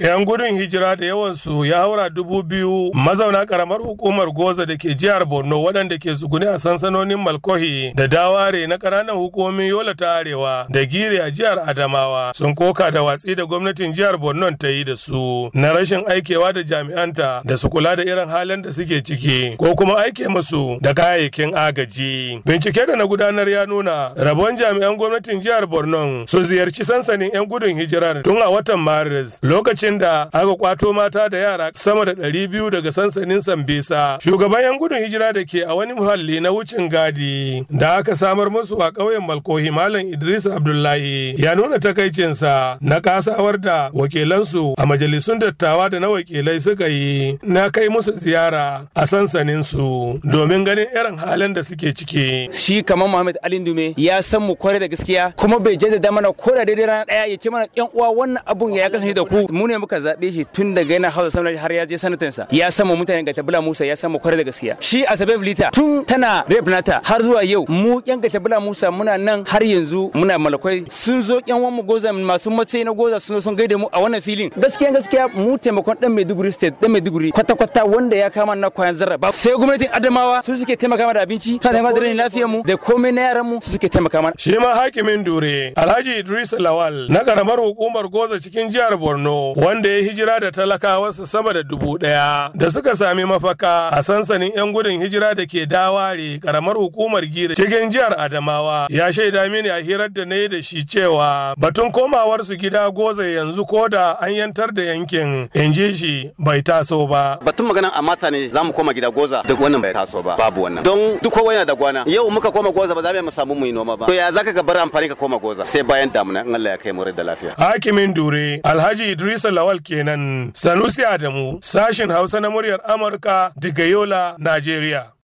'Yan gudun hijira da yawansu ya haura dubu biyu mazauna karamar hukumar Goza da ke jihar Borno waɗanda ke zugune a sansanonin Malkohi da Daware na ƙananan hukumomin Yola ta Arewa da Gire a jihar Adamawa sun koka da watsi da gwamnatin jihar Borno ta yi da su na rashin aikewa da jami'anta da su kula da irin halin da suke ciki ko kuma aike musu da kayayyakin agaji. Bincike da na gudanar ya nuna rabon jami'an gwamnatin jihar Borno sun ziyarci sansanin 'yan gudun hijirar tun a watan Maris lokacin inda aka kwato mata da yara sama da ɗari biyu daga sansanin Sambisa. Shugaban 'yan gudun hijira da ke a wani muhalli na wucin gadi da aka samar musu a ƙauyen Malkohi Malam Idris Abdullahi ya nuna takaicinsa na kasawar da wakilansu a majalisun dattawa da na wakilai suka yi na kai musu ziyara a sansanin su domin ganin irin halin da suke ciki. Shi kamar Muhammad Ali Dume ya san mu kware da gaskiya kuma bai jaddada mana ko da daidai rana ɗaya ya ce mana 'yan uwa wannan abun ya kasance da ku mu ne muka zaɓe shi tun daga yana hausa sanar har ya je sa ya sama mutane ga tabula musa ya sama kwarai da gaskiya shi a sabab lita tun tana rep nata har zuwa yau mu yan ga tabula musa muna nan har yanzu muna malakwai sun zo yan wani goza masu matsayi na goza sun zo sun gaida mu a wannan filin gaskiya gaskiya mu taimakon dan maiduguri state dan maiduguri kwata kwata wanda ya kama na kwayan zarraba sai gwamnatin adamawa su suke taimaka mana da abinci ta taimaka da lafiyar mu da komai na yaran mu su suke taimaka mana shi ma hakimin dure alhaji idris lawal na karamar hukumar goza cikin jihar borno wanda ya hijira da su sama da dubu ɗaya da suka sami mafaka a sansanin 'yan gudun hijira da ke daware karamar hukumar gida cikin jihar Adamawa ya shaida mini a hirar da na yi da shi cewa batun komawarsu gida goza yanzu ko da an yantar da yankin in ji shi bai taso ba. Batun maganan a mata ne za mu koma gida goza duk wannan bai taso ba babu wannan don duk kowa yana da gwana yau muka koma goza ba za mu samu mu yi noma ba to ya zaka ka bar amfani ka koma goza sai bayan damuna in Allah ya kai mu da lafiya. Hakimin Dure Alhaji Idrisa Lawal kenan. Sanusi Adamu, sashin Hausa na muryar Amurka daga Yola, Najeriya.